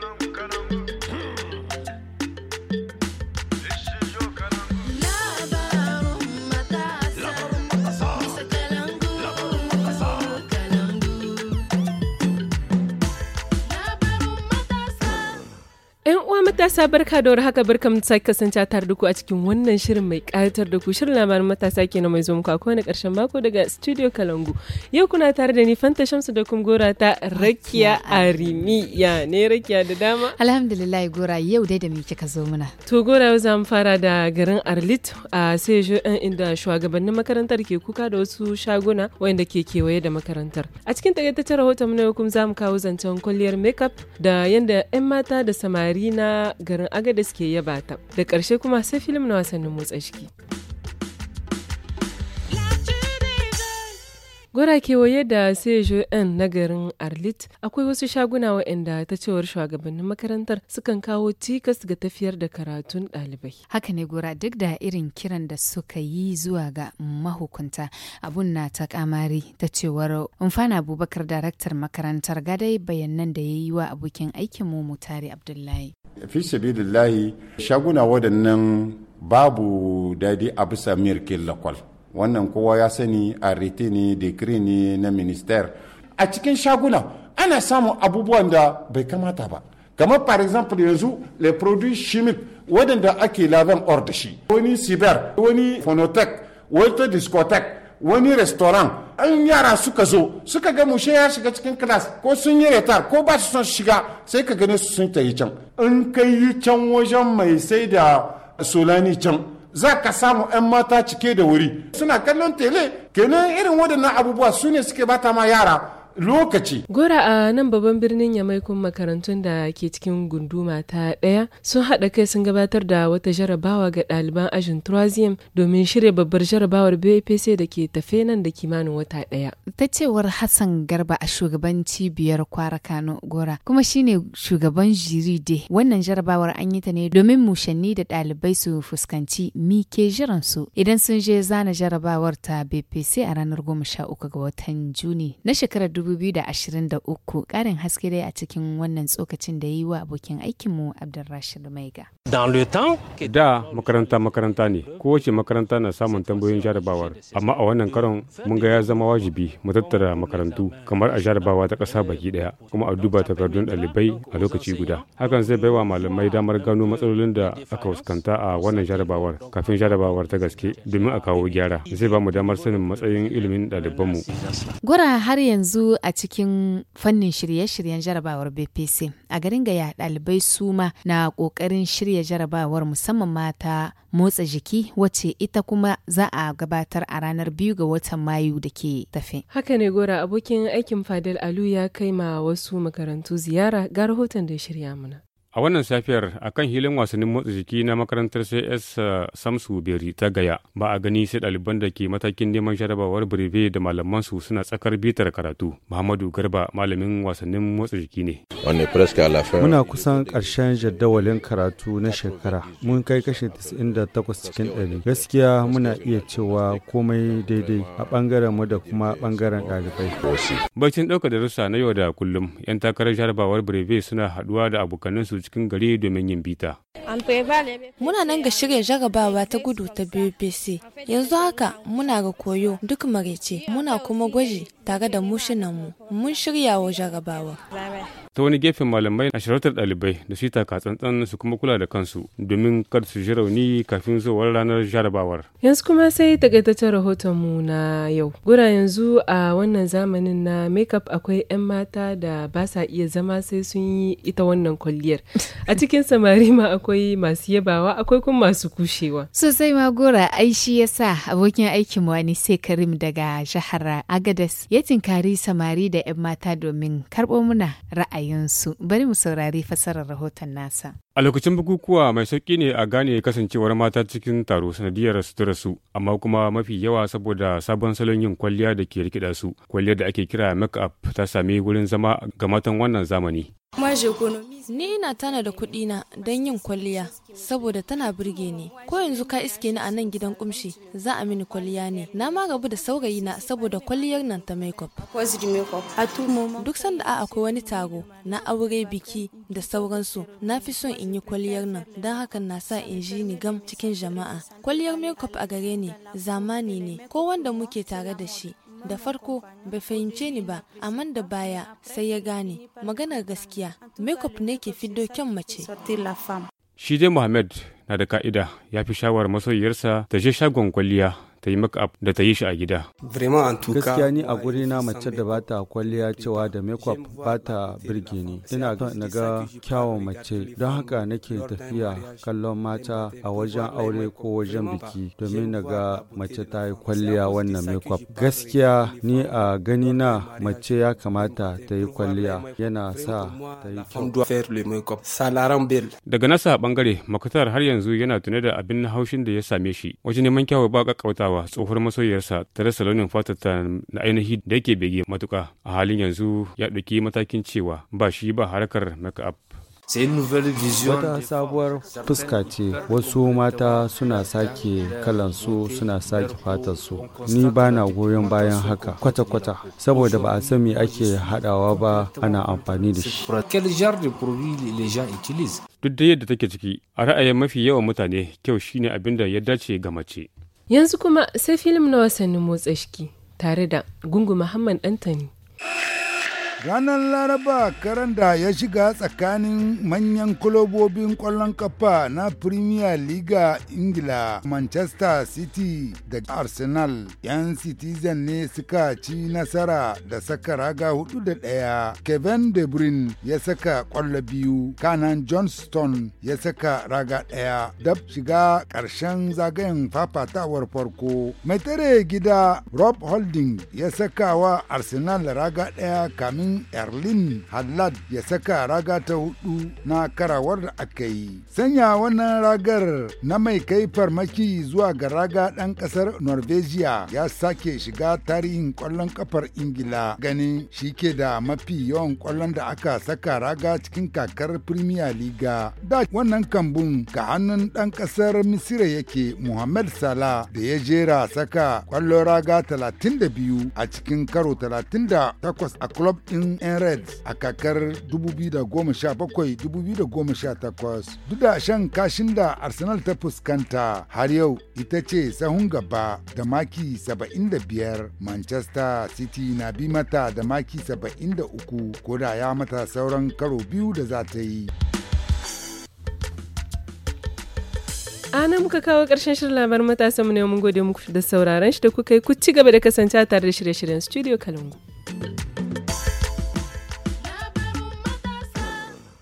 Turn on matasa barka da haka barka mu sake kasance tare da ku a cikin wannan shirin mai ƙayatar da ku shirin labarin matasa ke na mai zo muku a kowane ƙarshen mako daga studio Kalangu. Yau kuna tare da ni Fanta Shamsu da kuma gora ta Rakiya Arimi ya ne Rakiya da dama. Alhamdulillah gora yau dai da me kika zo muna. To gora yau za fara da garin Arlit a sai ɗan inda shugabannin makarantar ke kuka da wasu shaguna wanda ke kewaye da makarantar. A cikin takaitaccen rahoton mu na yau kuma za kawo zancen kwalliyar makeup da yanda 'yan mata da samari na garin Agadis ke yaba ta. Da ƙarshe kuma sai filim na wasannin motsa jiki. Gora kewaye da CJN na garin Arlit akwai wasu shaguna waɗanda ta cewar shugabannin makarantar sukan kawo cikas ga tafiyar da karatun ɗalibai. Haka ne gora duk da irin kiran da suka yi zuwa ga mahukunta abun na ta kamari ta cewar Umfana Abubakar daraktar makarantar gadai bayanan da ya yi wa abokin aikin mu Mutari Abdullahi. fi sabilillahi shaguna waɗannan babu daɗi a bisa mirkin lakwal wannan kowa ya sani a ne dekri ne na minister a cikin shaguna ana samun abubuwan da bai kamata ba kamar par exemple yanzu le produit chimique waɗanda ake laban or da shi wani siber wani phonotech wata discotheque wani restaurant an yara suka zo suka ga mushe ya shiga cikin class ko sun yi retar ko ba su son shiga sai ka gani su sun tayi can in kai yi can wajen mai sai da solani can za ka samu 'yan mata cike da wuri suna kallon tele kenan irin waɗannan abubuwa su ne suke bata ma yara lokaci. Gora a nan babban birnin Yamaikun makarantun da ke cikin gunduma ta ɗaya sun haɗa kai sun gabatar da wata jarabawa ga ɗaliban ajin Troisium domin shirya babbar jarabawar BAPC da ke tafe nan da kimanin wata ɗaya. Ta cewar Hassan Garba a shugaban cibiyar Kwara Kano Gora kuma shine shugaban jiri de wannan jarabawar an yi ta ne domin mushanni da ɗalibai su fuskanci mike jiran su idan sun je zana jarabawar ta BPC a ranar goma sha uku ga watan Juni na shekarar 2023 karin haske dai a cikin wannan tsokacin da yi wa abokin aikinmu Abdulrashid Maiga. Da makaranta makaranta ne, kowace makaranta na samun tambayoyin jarabawar, amma a wannan karon mun ga ya zama wajibi mu tattara makarantu kamar a jarabawa ta ƙasa baki ɗaya, kuma a duba takardun ɗalibai a lokaci guda. Hakan zai baiwa malamai damar gano matsalolin da aka fuskanta a wannan jarabawar kafin jarabawar ta gaske domin a kawo gyara. Zai ba mu damar sanin matsayin ilimin ɗalibanmu. gora har yanzu a cikin fannin shirye-shiryen jarabawar BPC. A garin gaya ɗalibai su ma na ƙoƙarin shirya jarabawar musamman mata motsa jiki wacce ita kuma za a gabatar a ranar biyu ga watan Mayu da ke tafe. Haka ne gora abokin aikin Fadil Alu ya kai ma wasu makarantu ziyara ga rahoton da ya shirya mana. A wannan safiyar a kan hilin wasannin motsa jiki na makarantar CS uh, Samsu Beri ta Gaya ba a gani sai ɗaliban da ke matakin neman jarabawar birbe da malamansu suna tsakar bitar karatu. Muhammadu Garba malamin wasannin motsa jiki ne. Muna kusan karshen jadawalin karatu na shekara. Mun kai kashe 98 cikin ɗari. Gaskiya muna iya cewa komai daidai a ɓangaren mu da kuma ɓangaren ɗalibai. bacin ɗaukar darussa na yau da kullum, 'yan takarar jarabawar birbe suna haɗuwa da abokanansu cikin gari domin yin bita. Muna nan ga shirya jarabawa ta gudu ta BBC. Yanzu haka muna ga koyo duk marece, muna kuma gwaji tare da mushinanmu. Mun shirya wa jarabawa. ta wani gefen malamai na shirartar ɗalibai da su yi tsantsan su kuma kula da kansu domin kada su ji rauni kafin zuwar ranar jarabawar. Yanzu kuma sai takaitaccen rahoton mu na yau. Gura yanzu a wannan zamanin na makeup akwai 'yan mata da ba sa iya zama sai sun yi ita wannan kwalliyar. A cikin samari ma akwai masu yabawa akwai kuma masu kushewa. Sosai ma gora ai shi sa abokin aikin wani sai Karim daga jihar Agadas ya tinkari samari da 'yan mata domin karɓo muna ra'ayi. ra'ayinsu. Bari mu saurari fasarar rahoton nasa. A lokacin bukukuwa mai sauƙi ne a gane kasancewar mata cikin taro sanadiyar sutura su, amma kuma mafi yawa saboda sabon salon yin kwalliya da ke rikida su. Kwalliyar da ake kira make-up ta sami wurin zama ga matan wannan zamani. Ni ina tana da na don yin kwalliya saboda tana birge ni. Ko yanzu ka iske ni a nan gidan kumshi za a mini kwalliya ne. Na ma rabu da saurayi na saboda kwalliyar nan ta makeup. Duk sanda a akwai wani taro na aure biki da sauransu na fi son in yi kwalliyar nan don hakan na sa in ji ni gam cikin jama'a. Kwalliyar makeup a gare ni zamani ne ko wanda muke tare da shi da farko bai fahimce ni ba amma da baya sai ya gane maganar gaskiya makeup ne ke fiddo kyan mace shi dai muhammad na da ka'ida ya fi shawarar masoyiyarsa ta je shagon kwalliya ta yi makeup da ta yi shi a gida. Gaskiya ni a guri na mace da ba ta kwalliya cewa da makeup ba ta birge ni. Ina son na ga kyawun mace don haka nake tafiya kallon mata a wajen aure ko wajen biki domin na ga mace ta yi kwalliya wannan makeup. Gaskiya ni a gani na mace ya kamata ta yi kwalliya yana sa ta yi Daga nasa bangare, Makutar har yanzu yana tune da abin haushin da ya same shi wajen neman kyawu ba kakkautawa tilastawa tsohuwar masoyiyarsa ta rasa launin fatar ta na ainihi da yake bege matuka a halin yanzu ya ɗauki matakin cewa ba shi ba harkar makeup Wata sabuwar fuska ce wasu mata suna sake kalansu suna sake fatarsu. Ni ba na goyon bayan haka kwata-kwata saboda ba a san me ake hadawa ba ana amfani da shi. Duk da yadda take ciki, a ra'ayin mafi yawan mutane kyau shine abinda ya dace ga mace. Yanzu kuma sai filim na wasannin motsa shiki tare da Gungu Muhammad Dantani. Ranar Laraba karan da ya shiga tsakanin manyan kulobobin ƙwallon kafa na Premier League Ingila, Manchester City da Arsenal, 'yan Citizen ne suka ci nasara da saka raga hudu da ɗaya. Kevin De Bruyne ya saka ƙwallo biyu, Kanan Johnston ya saka raga ɗaya. Dab shiga ƙarshen zagayen fafatawar farko. Mai tare gida Rob Holding ya saka wa Arsenal raga ɗaya kamin Erlin Hallad ya saka raga ta hudu na karawar da aka yi. Sanya wannan ragar na mai kai farmaki zuwa ga raga ɗan ƙasar norvejiya ya sake shiga tarihin ƙwallon ƙafar Ingila ganin shi ke da mafi yawan ƙwallon da aka saka raga cikin kakar Premier Liga. Da wannan kambun ga hannun ɗan ƙasar Misira yake Muhammad sala da ya jera saka ƙwallon raga 32 a cikin karo 38 a club ɗin hannun 'yan red a kakar 2017-2018 duk da shan kashin da arsenal ta fuskanta har yau ita ce sahun gaba da maki 75 manchester city na bi mata da maki 73 ko da ya mata sauran karo biyu da za ta yi ana muka kawo ƙarshen shirin labarin matasanmu ne mun gode muku da sauraron shi da kuka yi ku ci gaba da kasancewa tare da shirye-shiryen studio kalungu